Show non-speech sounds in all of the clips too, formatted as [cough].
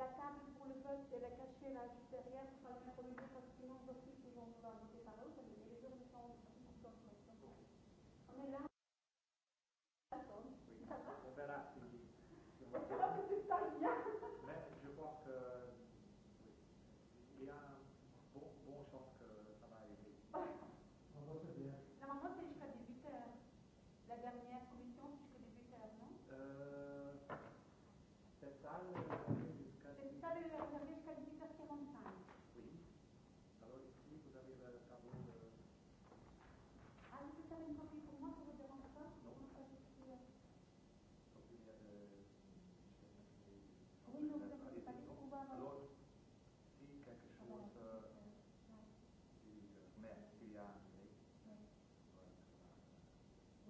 la table bouleversée, le cachet, la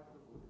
tak dogodek.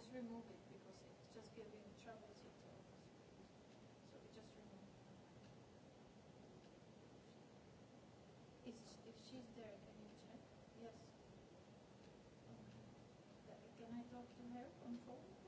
just remove it because it's just giving trouble to all of us. So we just remove it. If, if she's there, can you check? Yes. Okay. Can I talk to her on phone?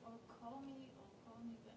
call me, or call me, or call me when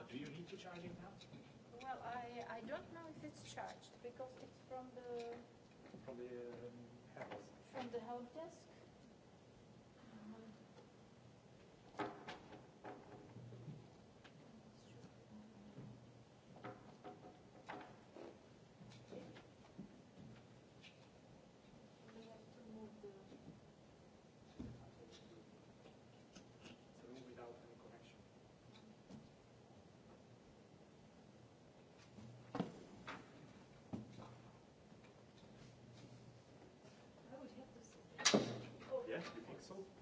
But do you need to charge it now? Well, I, I don't know if it's charged because it's from the... From the um, help desk. From the help desk? poslancev,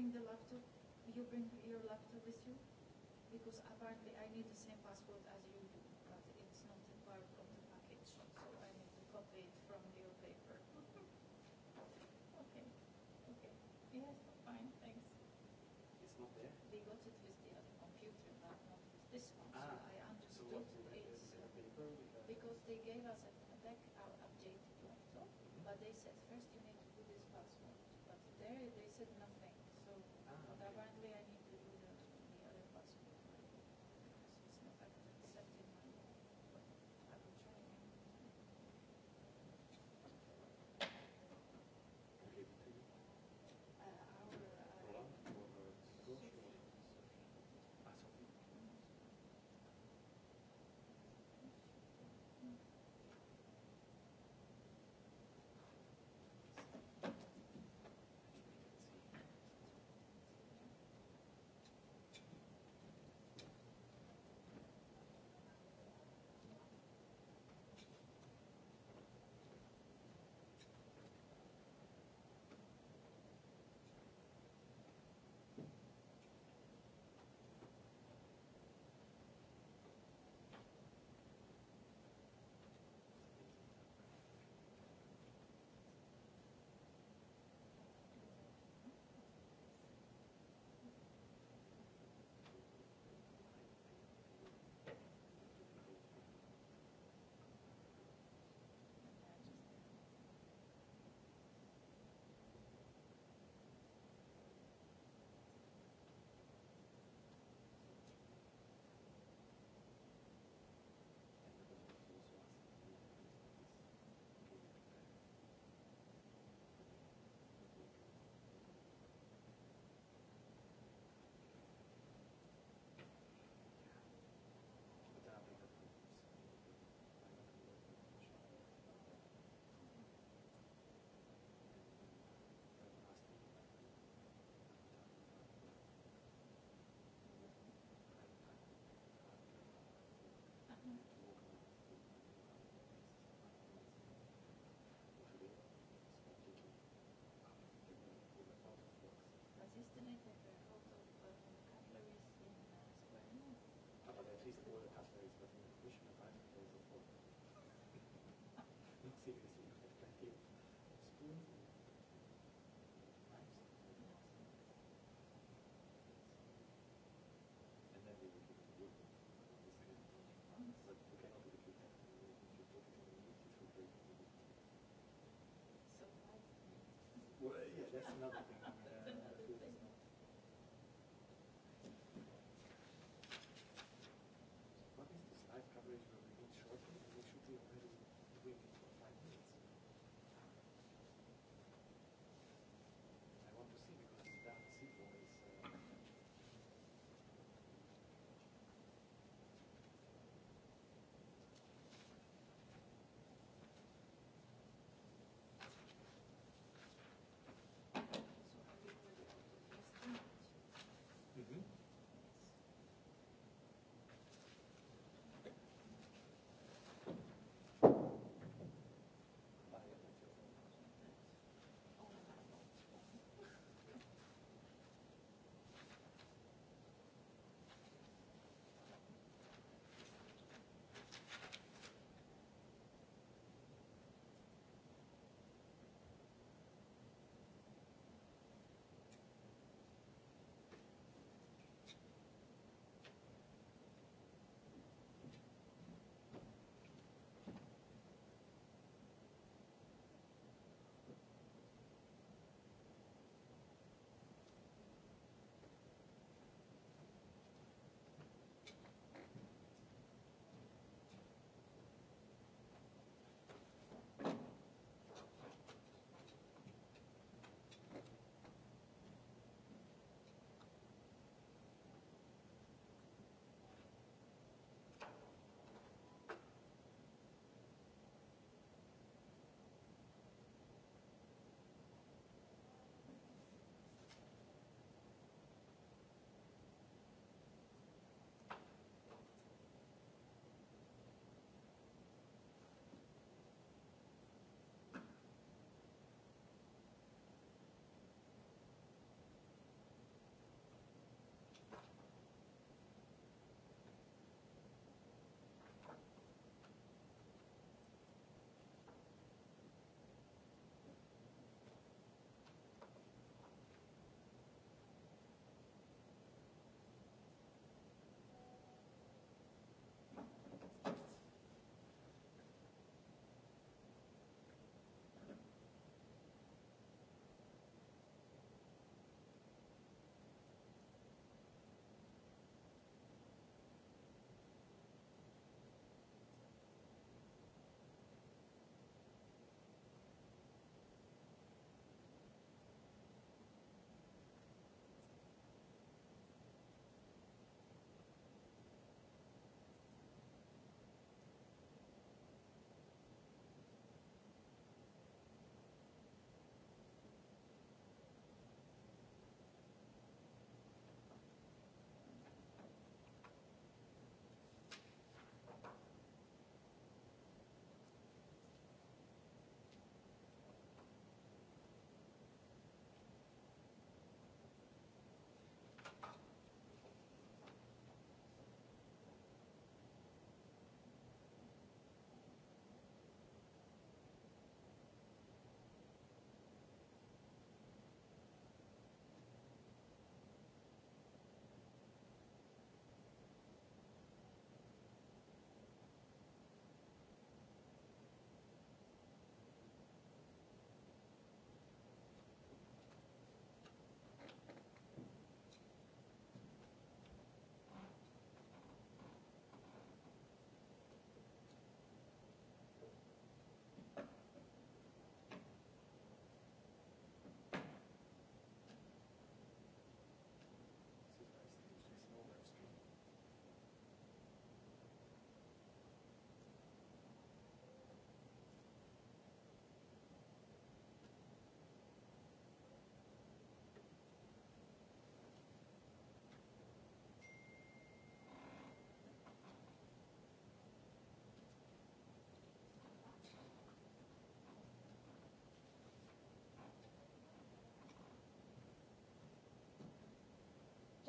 bring the laptop you bring your laptop with you because apparently I need the same password as you do but it's not a part of the package so I need to copy it from your paper [laughs] okay okay yes fine thanks it's not there they got it with the other computer but not with this one ah, so I understood so what's in the, it's in the paper because, because they gave us a deck our updated laptop mm -hmm. but they said first you need to do this password but there they said no Well, yeah, that's another thing.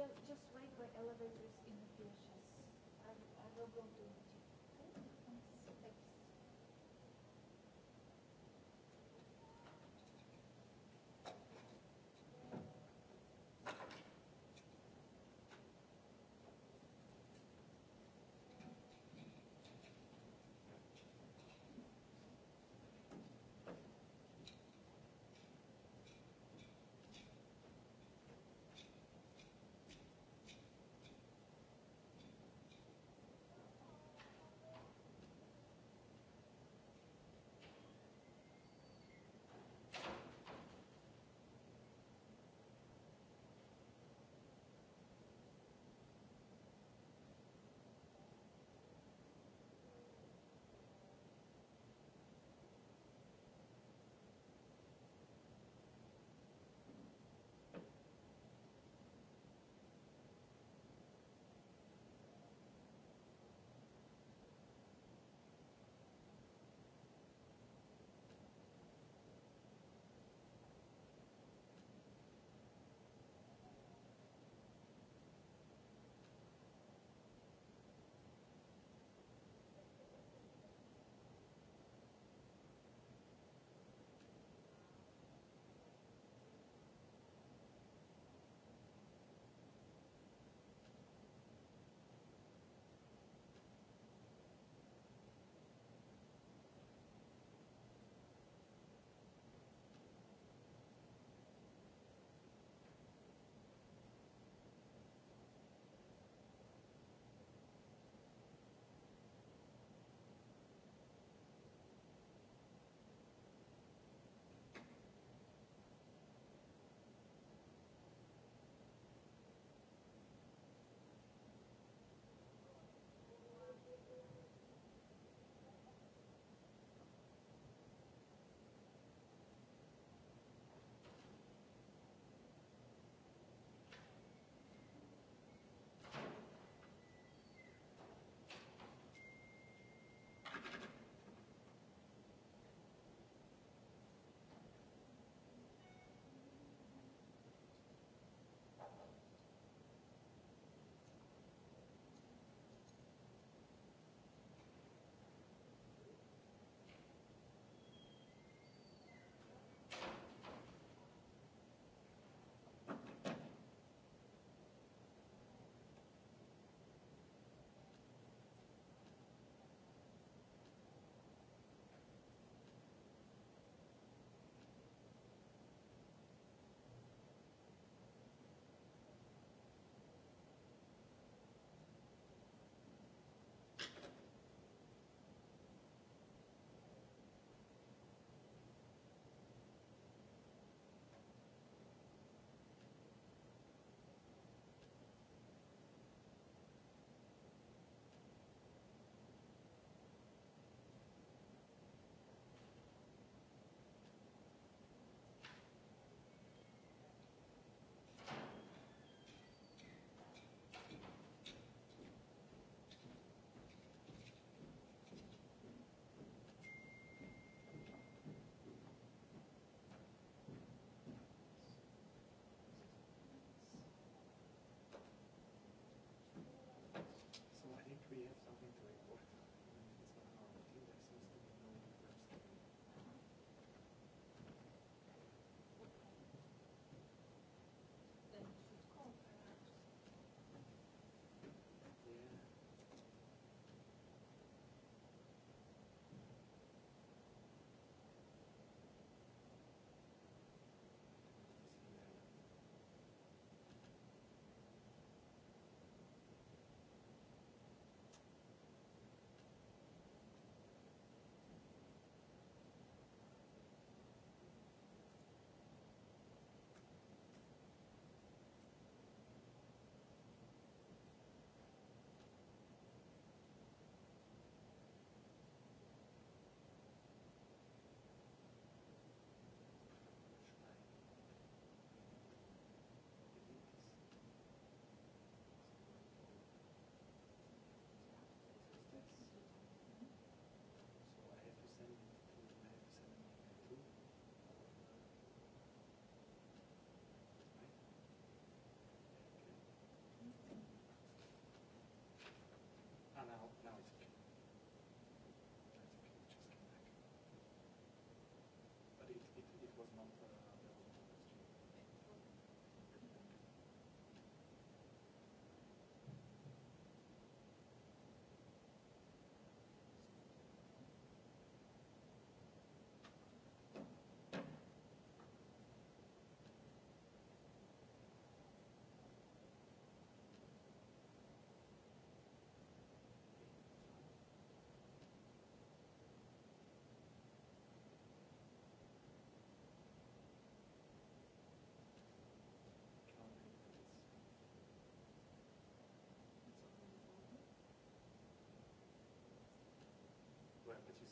just, just wait by elevators in the pushes. I, I will go to it.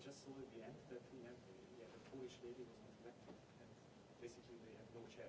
they just saw at the end that you know, the, yeah, the Polish lady was not elected, and basically they had no chair.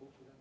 Thank you.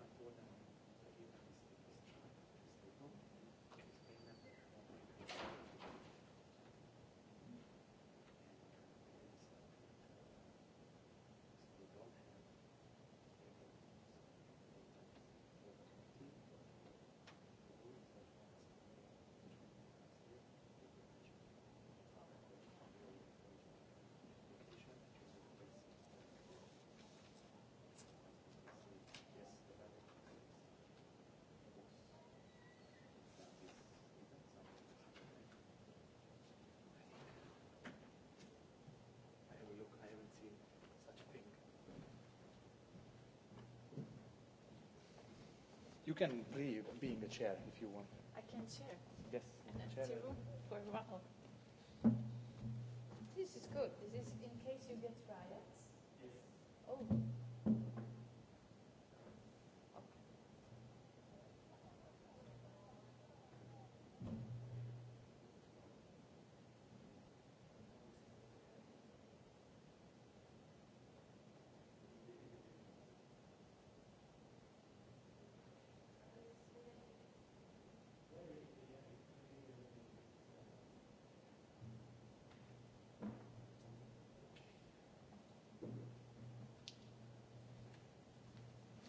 You can leave, be in the chair if you want. I can chair. Yes. And chair. Room for a while. This is good. This is in case you get riots. Yes. Oh.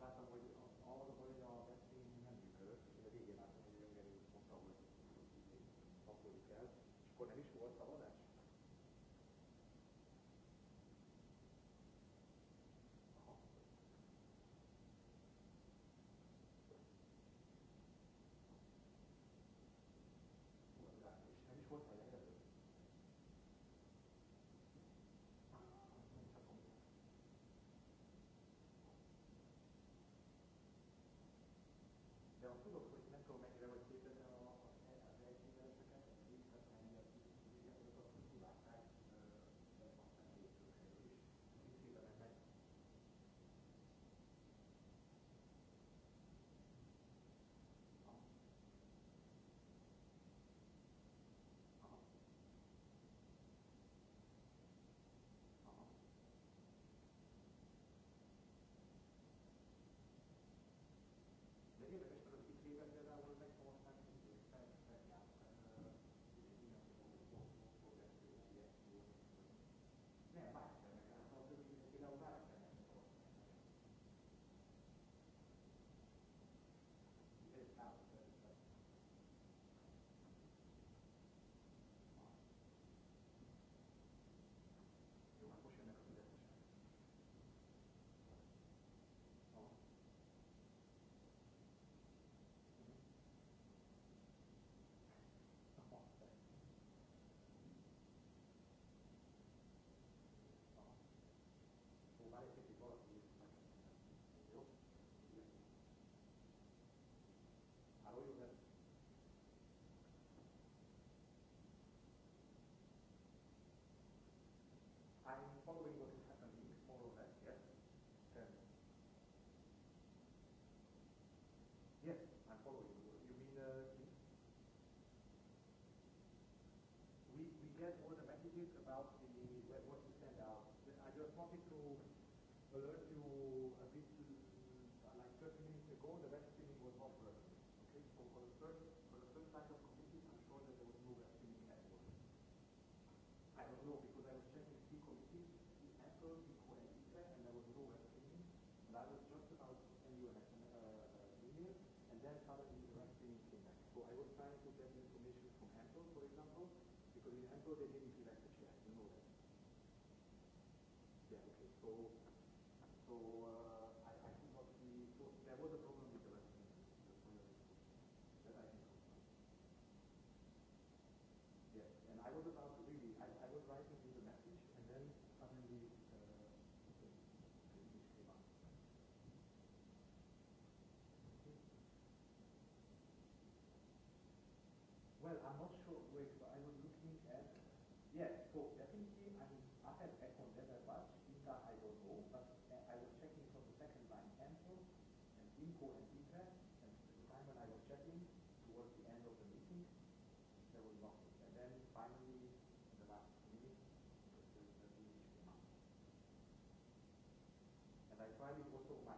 Láttam, hogy a, a, a veszély nem működött, hogy a végén át, hogy a jöngerő mondta, hogy pakoljuk el, és akkor nem is volt szabad so they didn't feel like the chair, you know that. Yeah, okay, so, so uh, I, I think what we, so there was a problem with the resting, the point of that I think was Yes, and I was about to really, I, I was writing with the message, and then suddenly uh, the, the image came up. Well, I'm not sure, wait, ไว้มีโพสต์ใหม่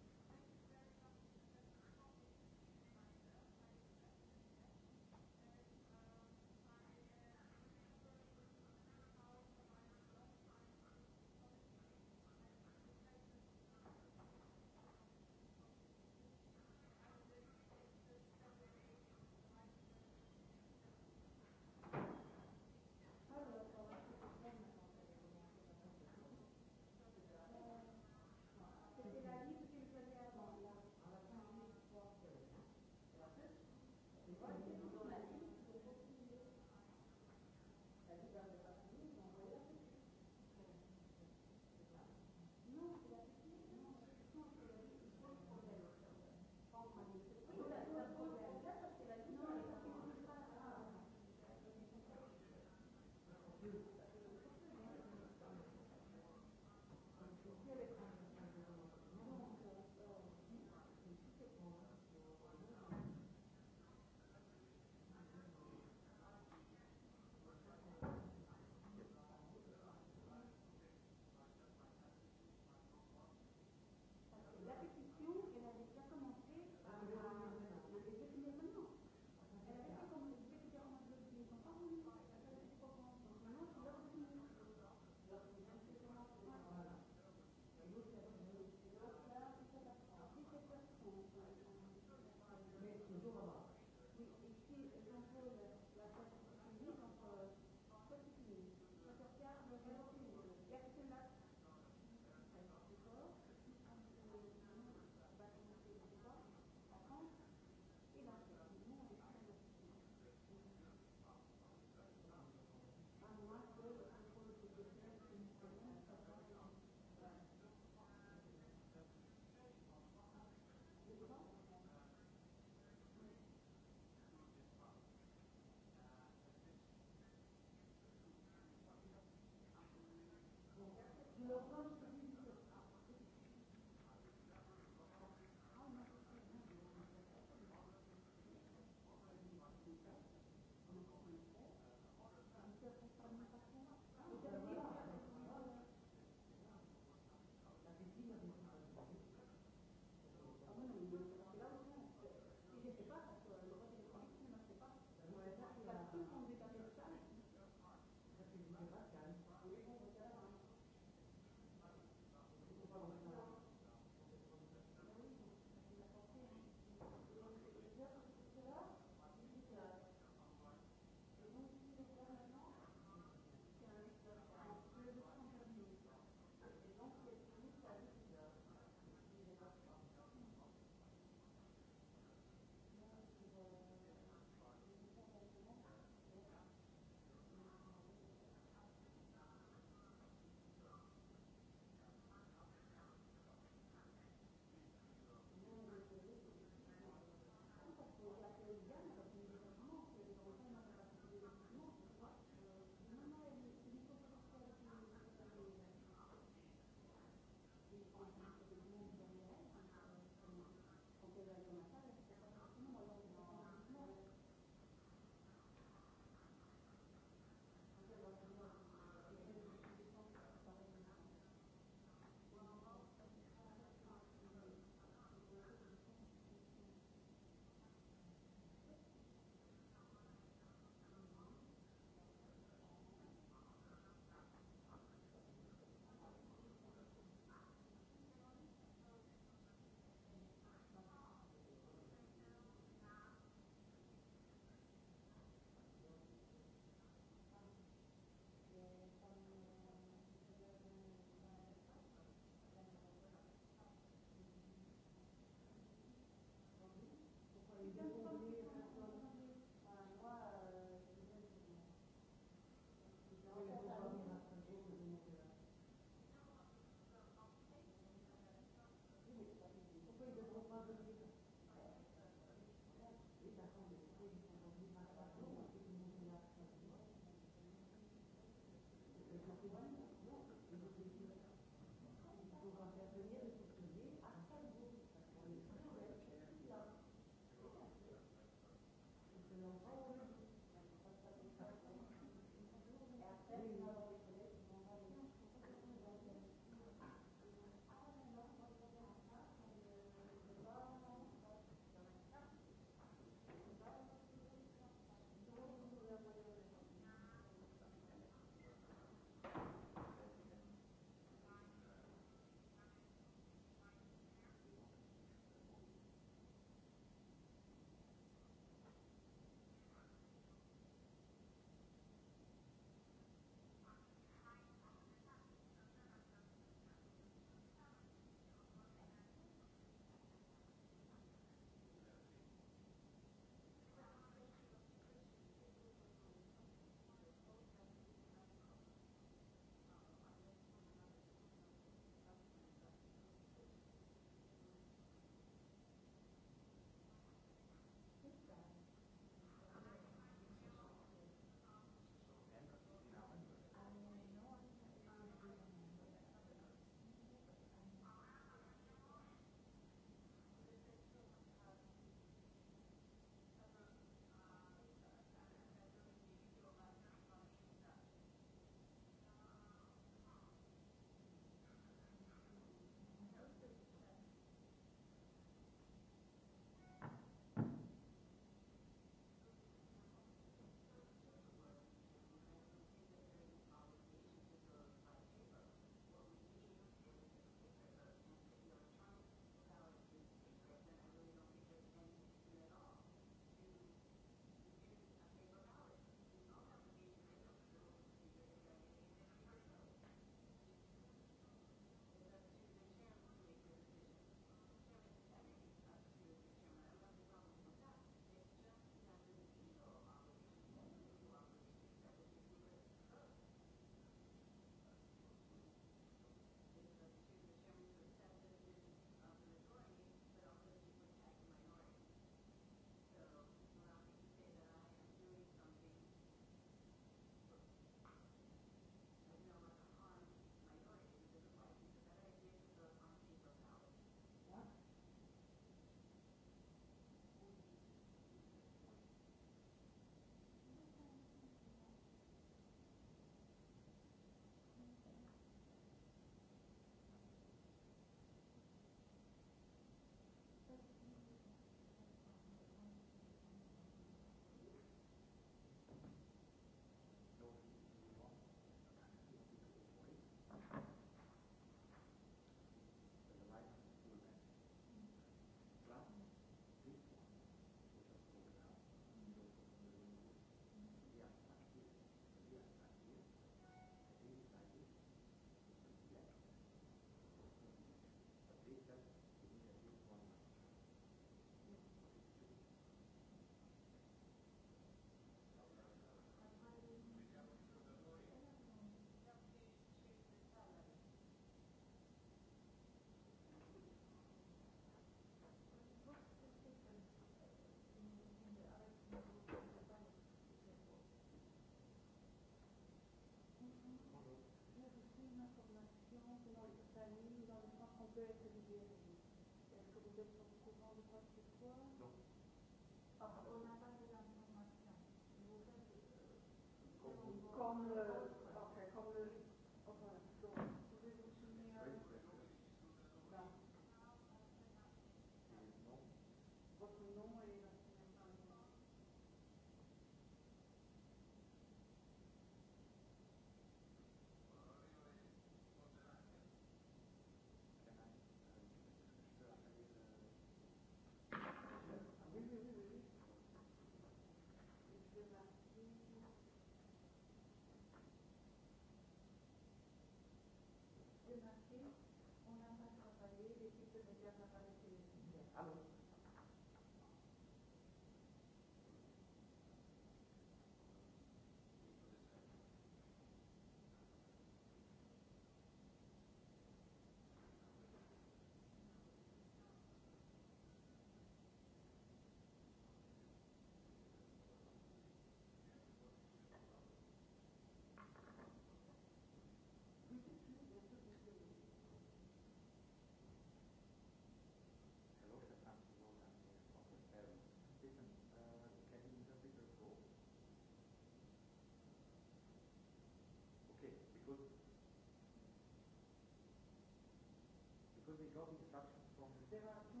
Instructions from the Terra 2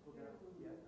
for the yeah.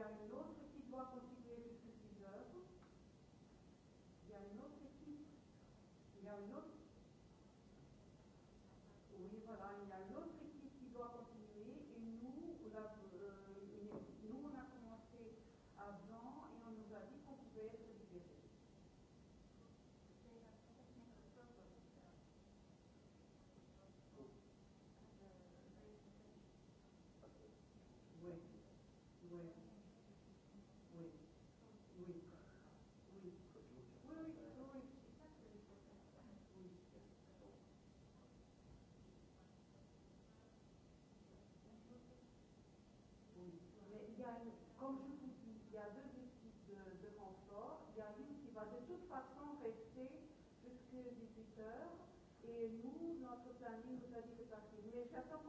Я не должен пить два курса. deixar tão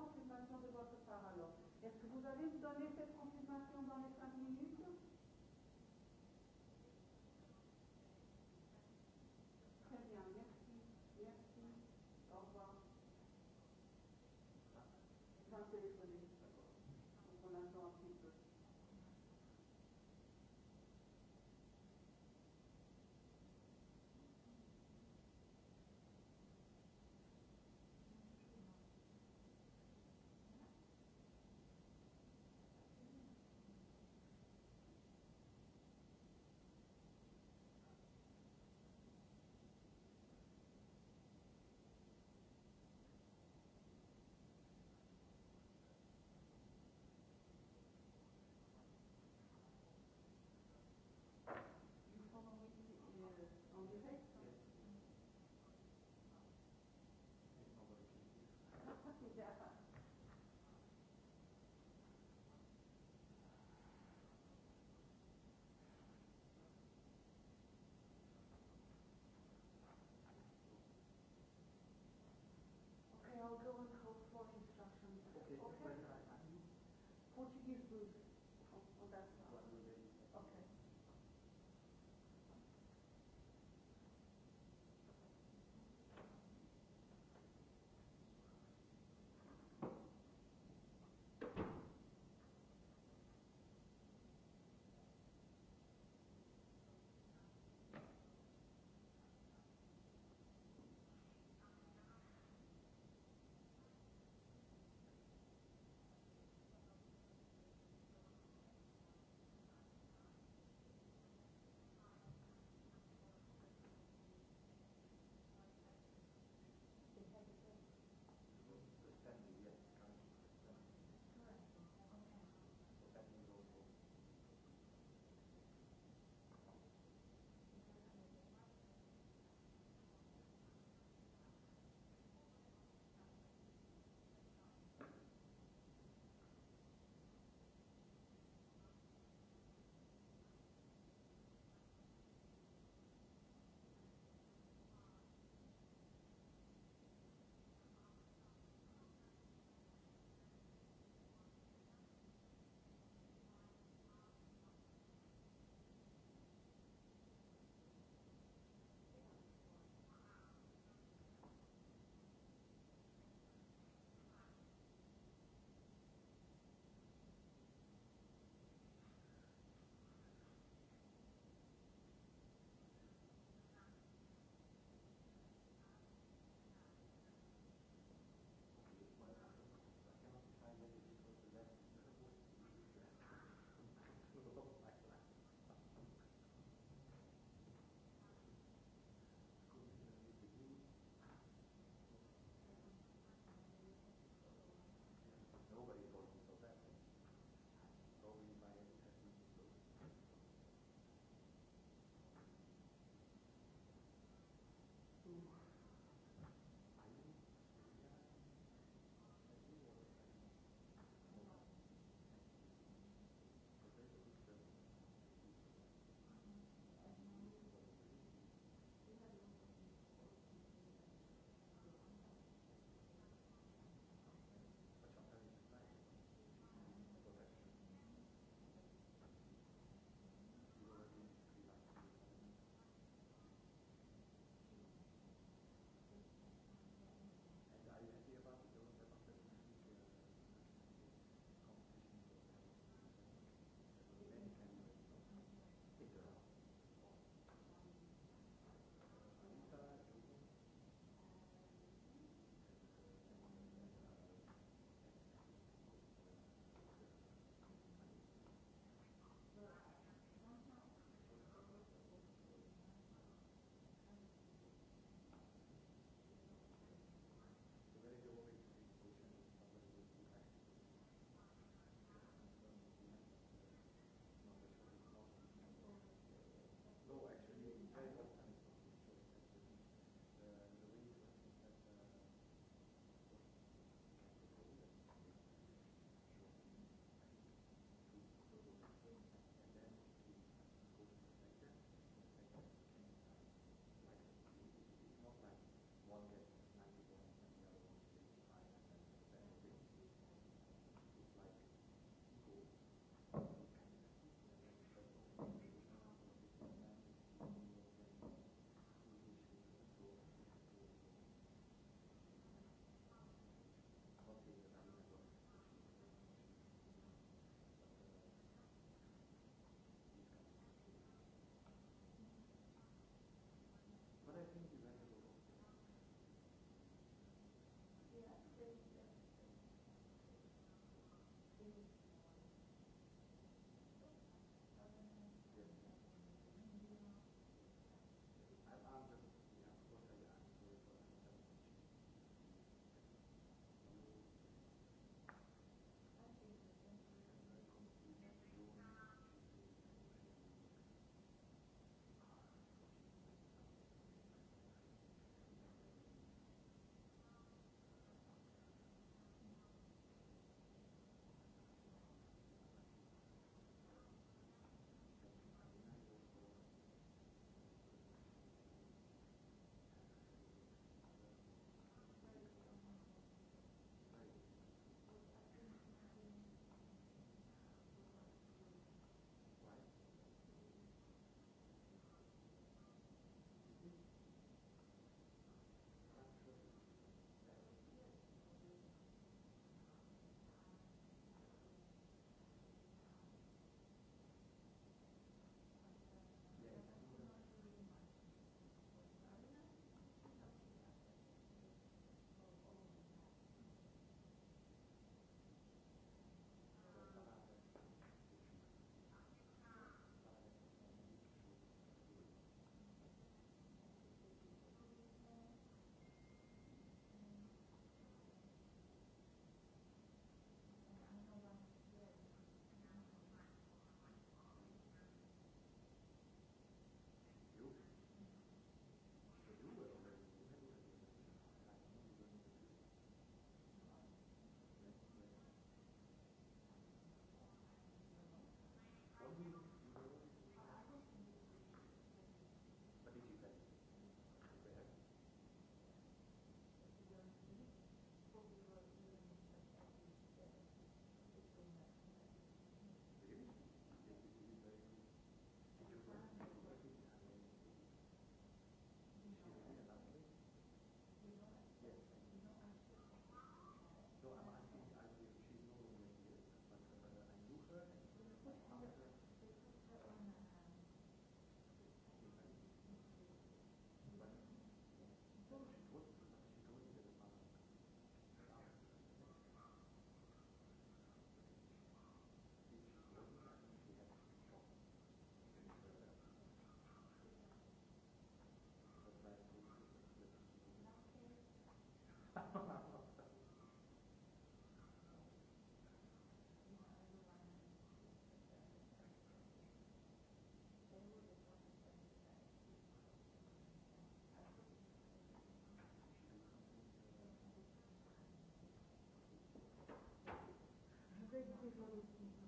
ces hommes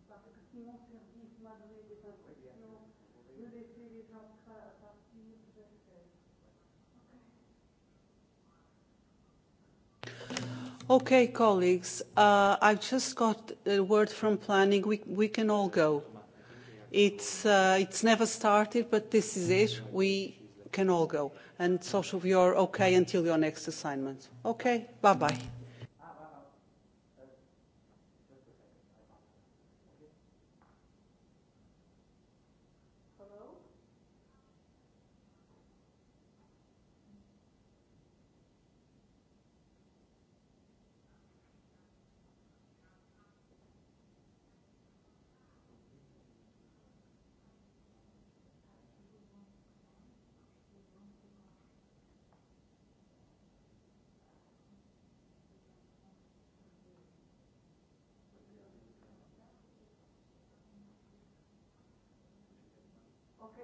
parce que si mon service malgré les inconditions de laisser les entrailles à partir, je le fais. Okay, colleagues, uh, I've just got a word from planning. We, we can all go. It's, uh, it's never started, but this is it. We can all go. And social, you're okay until your next assignment. Okay, bye-bye.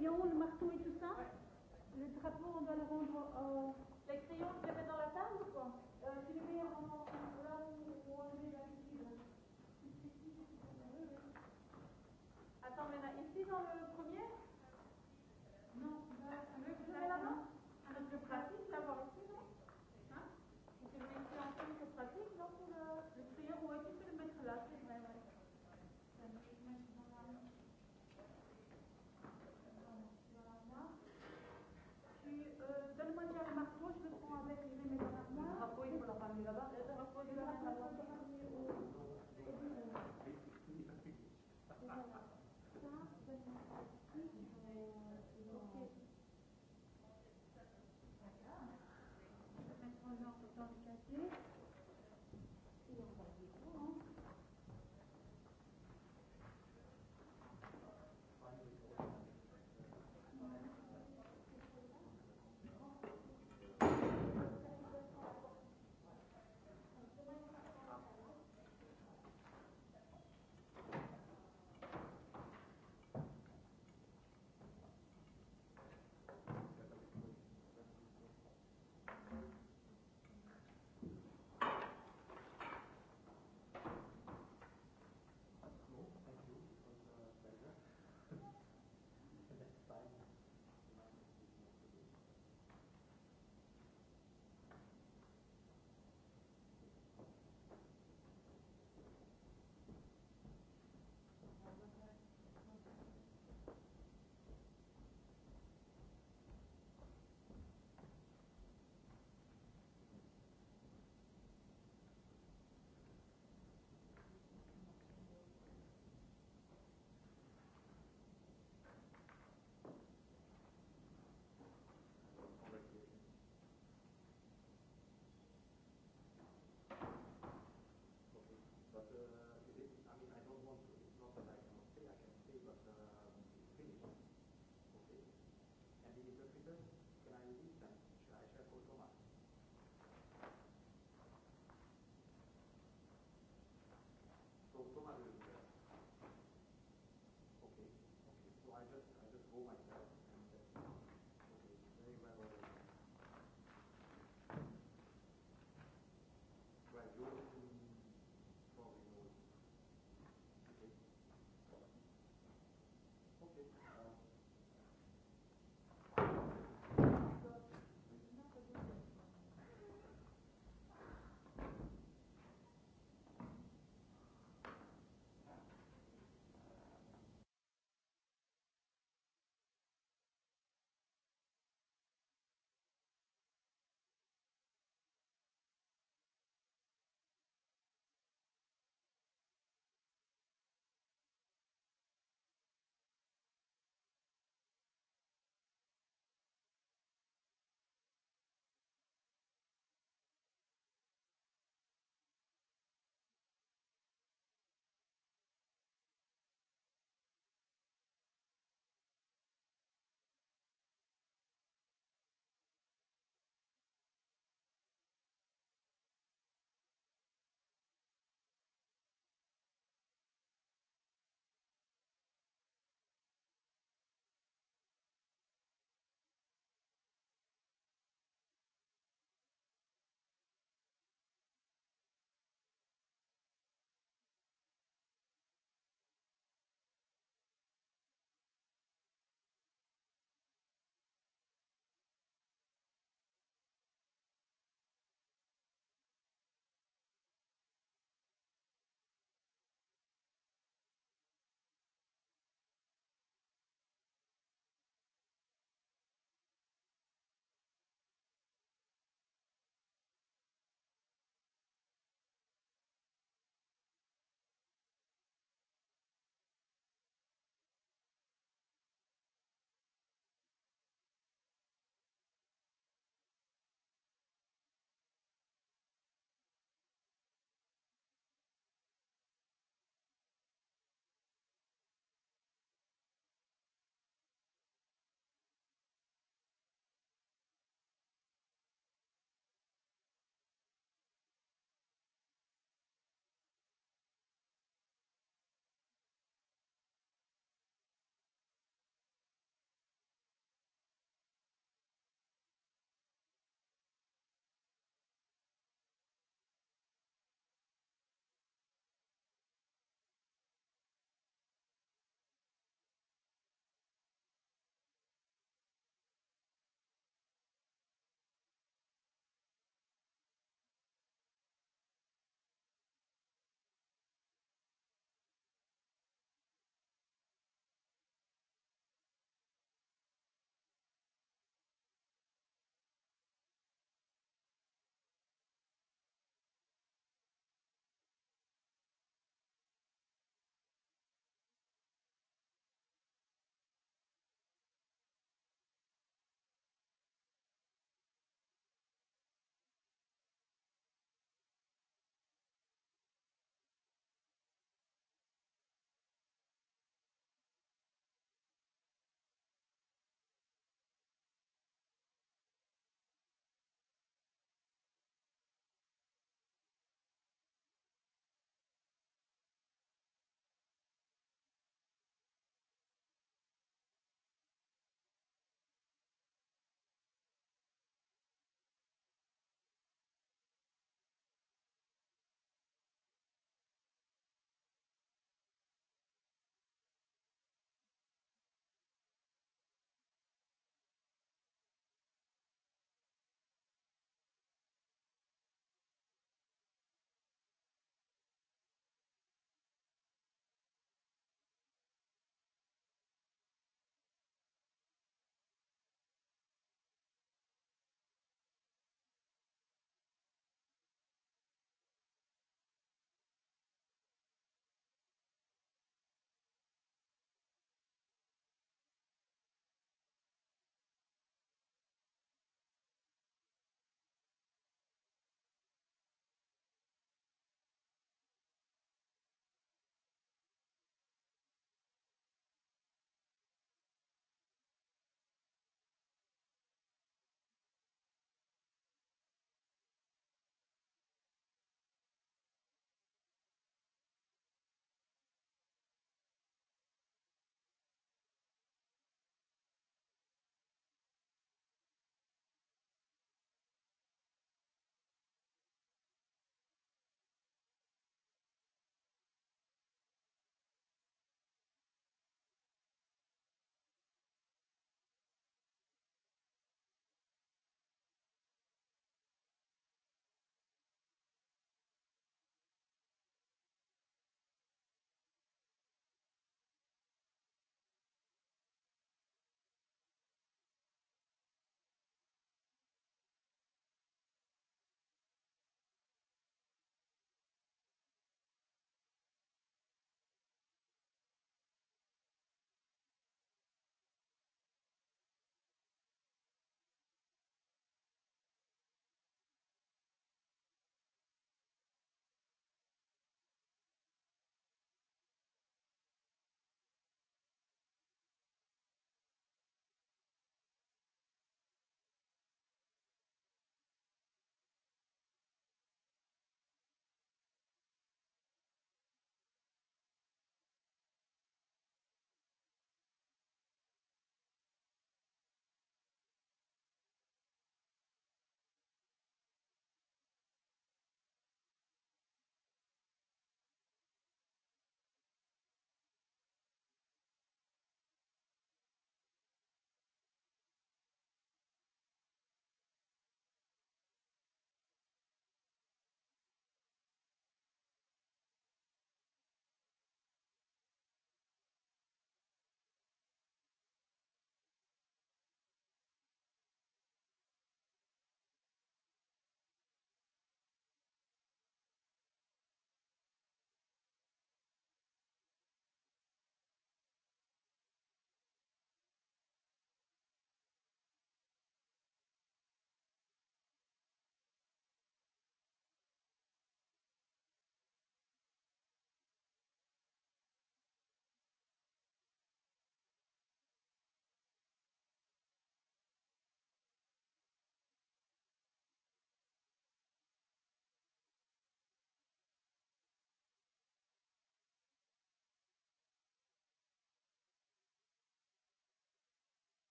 crayons, le marteau et tout ça Le drapeau, on doit le rendre au... Les crayons, je vais